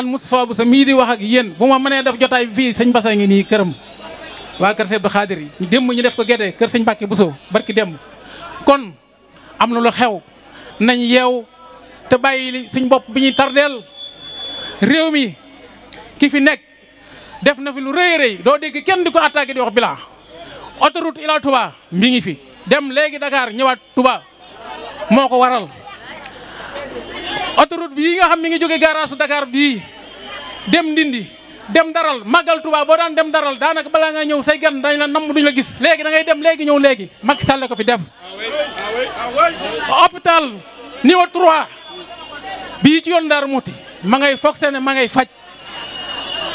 man Moustapha sa mii di wax ak yéen bu ma mënee def jotaay bi fii sëñ Bassa ngi nii këram waa kër Seydou Khadir yi ñu démb ñu def ko Gédé kër sëñ Mbacke Bousso barki démb kon am na lu xew nañ yeew te bàyyi li suñ bopp bi ñuy tardeel réew mi ki fi nekk def na fi lu rëy rëy doo dégg kenn di ko attaqué di wax bilaa autoroute Ila Touba mi ngi fi dem léegi Dakar ñëwaat Touba moo ko waral bi yi nga xam mi ngi jóge garage su Dakar bii dem Ndindi dem Daral màggal Touba boo daan dem Daral daanaka balaa nga ñëw say gan dañ la namm duñ la gis léegi da dem léegi ñëw léegi Macky Sall la ko fi def. hôpital niveau 3 bii ci yoon Darou Mouti ma ngay foog seen ma ngay faj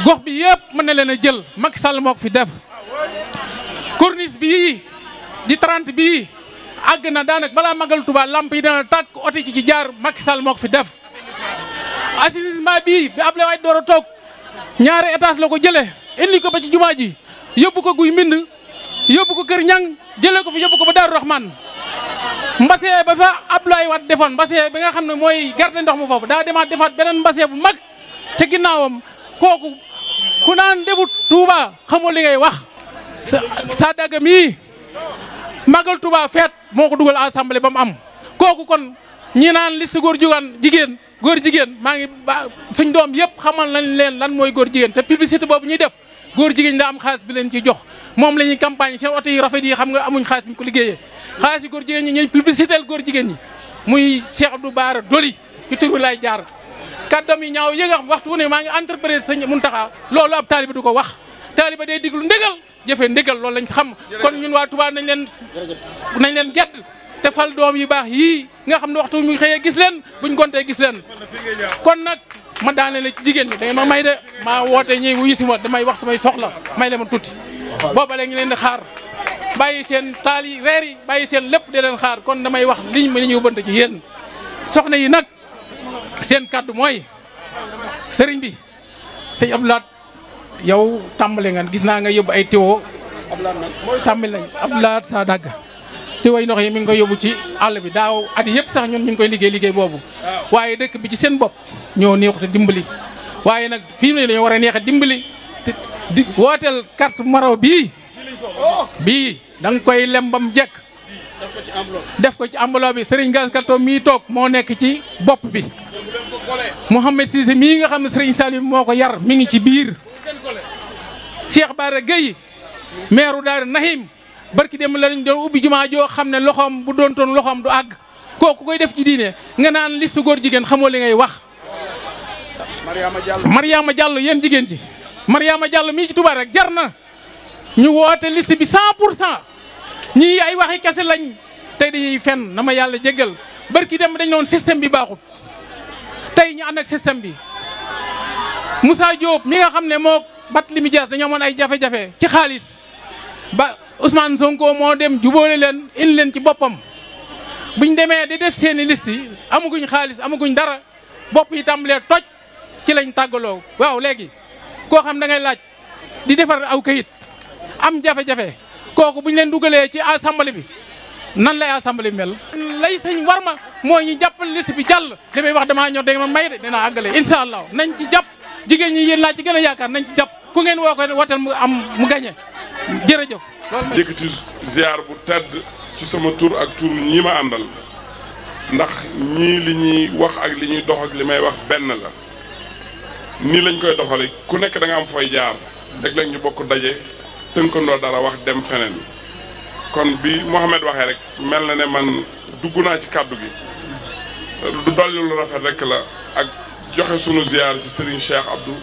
gox bi yëpp mën na leen a jël Macky Sall moo ko fi def corniche bii di 30 bii. àgg na daanaka balaa magal Touba lamp yi dana tàkk oto ci ci jaar Macky Sall moo ko fi def assainissement bii bi Abdoulaye Wade door a toog ñaari étage la ko jëlee indi ko ba ci jumaa ji yóbbu ko guy mbind yóbbu ko kër ñang jëlee ko fi yóbbu ko ba Daaru Rahman mbasee ba fa Abdoulaye Wade defoon mbasee bi nga xam ne mooy garde ndox mu foofu daa demaat defaat beneen mbasee bu mag ca ginnaawam kooku ku naan defut Touba xamoo li ngay wax sa mii Magal feet moo ko dugal assemblée ba mu am kooku kon ñi naan liste góor jugaan jigéen góor jigéen maa ngi suñ doom yëpp xamal nañ leen lan mooy góor jigéen te publicité boobu ñuy def góor jigéen daa am xaalis bi leen ciy jox moom la ñuy campagne seen oto yi rafet yi xam nga amuñ xaalis ñu ko liggéeyee xaalis yi góor jigéen ñi ñuy publicité góor jigéen ñi muy Cheikh Abdou Bara Doli ci tur bi laay jaar kàddam yi ñaaw yi nga xam waxtu wu ne maa ngi entreprise mun Muntaxa loolu ab taaliba du ko wax taaliba day diglu ndigal jëfe ndigal loolu lañ xam kon ñun waa Touba nañ leen nañ leen gedd te fal doom yu baax yii nga xam ne waxtu ñu xëyee gis leen buñ gontee gis leen kon nag ma daane la ci jigéen ñi da ma may de maa woote ñi wuyu si ma damay wax may soxla may le ma tuuti booba la ngi leen di xaar bàyyi seen taal yi yi bàyyi seen lépp di leen xaar kon damay wax liñ ma li ñuy bënt ci yéen soxna yi nag seen kàddu mooy sëriñ bi sëñ Abdou yow tàmbali nga gis naa nga yóbbu ay tiwo sàmmil nañ Abdoulaye sa dagg tiwo yi ndox yi mi ngi koy yóbbu ci àll bi daaw at yëpp sax ñun ñu ngi koy liggéey liggéey boobu waaye dëkk bi ci seen bopp ñoo neexut a dimbali waaye nag fii mu ne war a neex dimbali te di wooteel carte maro bii bii da koy lem bam jekk def ko ci enveloppe bi sëriñ Gass Kaltoum mii toog moo nekk ci bopp bi Mouhamed Cissé mii nga xam ne Serigne Saliou moo ko yar mi ngi ci biir Cheikh Bara Gueye maire Daaru Nahim ki dem la lañ doon ubbi jumaa joo xam ne loxoom bu doontoon loxoom du àgg kooku koy def ci diine nga naan liste góor jigéen xamoo li ngay wax. Mariama Diallo Mariama Diallo yéen jigéen ci Mariama Diallo mii ci Touba rek jar na ñu woote list bi 100 pour cent ñii ay waxi kese lañ tey dañuy fenn na ma yàlla jéggal barki dem dañ noon système bi baaxut tey ñu ànd ak bi Moussa Diop mi nga xam ne moo Barthélémy Dias dañoo amoon ay jafe-jafe ci xaalis ba Ousmane Sonko moo dem jubóole leen indi leen ci boppam buñ demee di def seen i liste yi amaguñ xaalis amaguñ dara bopp yi leen toj ci lañ tàggaloo waaw léegi koo xam da ngay laaj di defar aw kayit am jafe-jafe kooku buñ leen dugalee ci assemblée bi nan lay assemblée bi mel. lay sañ war ma moo ñu jàppale liste bi jàll li may wax damaa ñor da nga ma may de dinaa àggale incha allah nañ ci jàpp jigéen ñi yéen laa ci gën yaakaar nañ ci jàpp. ku ngeen woo ko wotal mu am mu gañe jërëjëf. yëkkati ziar bu tedd ci sama tur ak tur ñii ma àndal ndax ñii li ñuy wax ak li ñuy dox ak li may wax benn la nii lañ koy doxale ku nekk da am fooy jaar léeg-léeg ñu bokk daje tënkandoo dara wax dem feneen kon bi Mouhamed waxee rek mel na ne man dugg naa ci kàddu gi du dolli lu rafet rek la ak. joxe sunu ziar ci Serigne Cheikh Abdou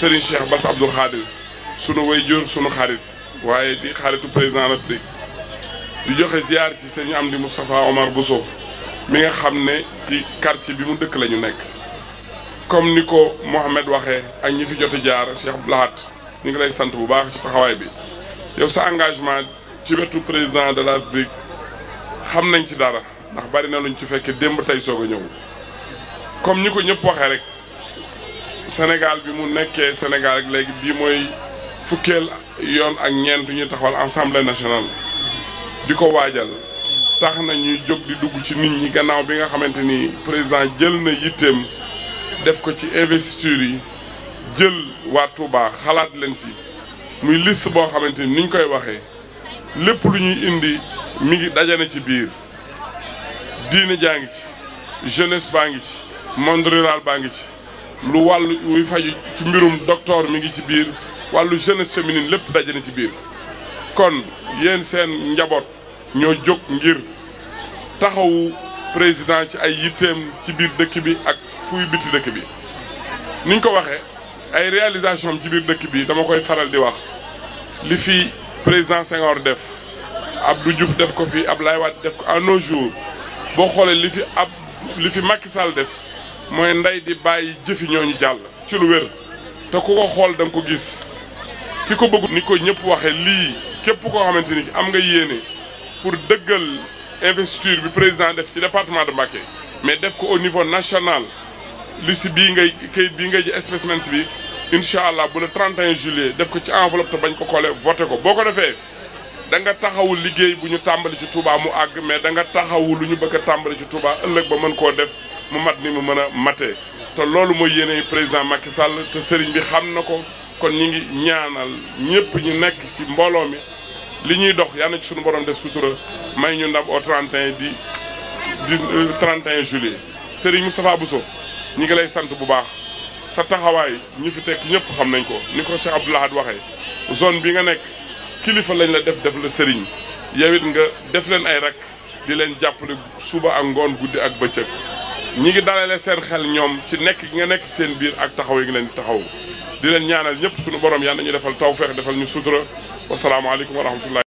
Serigne Cheikh Bass Abdou Khadir sunu wayjur sunu xarit waaye di xaritu président république di joxe ziar ci am Amdi Moustapha Omar Bousso mi nga xam ne ci quartier bi mu dëkk la ñu nekk. comme ni ko Mohamed waxee ak ñi fi jot a jaar Cheikh Abdou Lahad ñu ngi lay sant bu baax ci taxawaay bi yow sa engagement ci wetu président de la république xam nañ ci dara ndax bari na luñ ci fekkee démb tey soog a ñëw comme ñi ko ñëpp waxee rek. Sénégal bi mu nekkee senegal ak léegi bii mooy fukkeel yoon ak ñeent ñu taxawal assemblée nationale di ko waajal tax nañu ñuy jóg di dugg ci nit ñi gannaaw bi nga xamante ni président jël na yitteem def ko ci investiture yi jël waa Touba xalaat leen ci muy list boo xamante ni niñ koy waxee lépp lu ñuy indi mi ngi dajane ci biir diine jaa ngi ci jeunesse baa ngi ci monde rural baa ngi ci. lu wàllu muy faju ci mbirum docteur mi ngi ci biir wàllu jeunesse féminine lépp daje na ci biir kon yéen seen njaboot ñoo jóg ngir taxawu président ci ay yitteem ci biir dëkk bi ak fuy biti dëkk bi niñ ko waxee ay réalisation ci biir dëkk bi dama koy faral di wax li fi président Senghor def Abdou Diouf def ko fi Abdoulaye Wade def ko à nos jours boo xoolee li fi ab li fi Macky Sall def mooy nday di bàyyi jëfi ñooñu jàll ci lu wér te ku ko xool da nga ko gis ki ko bëgg ni ko ñëpp waxee lii képp koo xamante ni am nga yéene pour dëggal investiture bi président def ci département de Mbacké mais def ko au niveau national liste bii ngay kayit bii ngay ji bi incha allah bu le 31 juillet def ko ci enveloppe te bañ ko kole voté ko boo ko defee da nga taxawul liggéey bu ñu tàmbali ci Touba mu àgg mais da nga taxawu lu ñu bëgg a tàmbali ci Touba ëllëg ba mën koo def mu mat ni mu mën a matee te loolu mooy yéene président Macky Sall te sëriñ bi xam na ko kon ñi ngi ñaanal ñëpp ñu nekk ci mbooloo mi li ñuy dox yal na ci suñu borom def sutura may ñu ndam au 31 di di 31 euh, juillet sëriñ Moustapha Bousso ñi ngi lay sant bu baax sa taxawaay ñi fi tekk ñëpp xam nañ ko ni ko Cheikh Abdou Lahad waxee zone bi nga nekk kilifa lañ la def def la sëriñ yow it nga def leen ay rak di leen jàppale suba ak ngoon guddi ak bëccëg ñi ngi dalale seen xel ñoom ci nekk gi nga nekk seen biir ak taxaw yi ngi taxaw di leen ñaanal ñëpp suñu borom yàlla na ñu defal tawfeex defal ñu sutura wasalaamaaleykum wa rahmatullah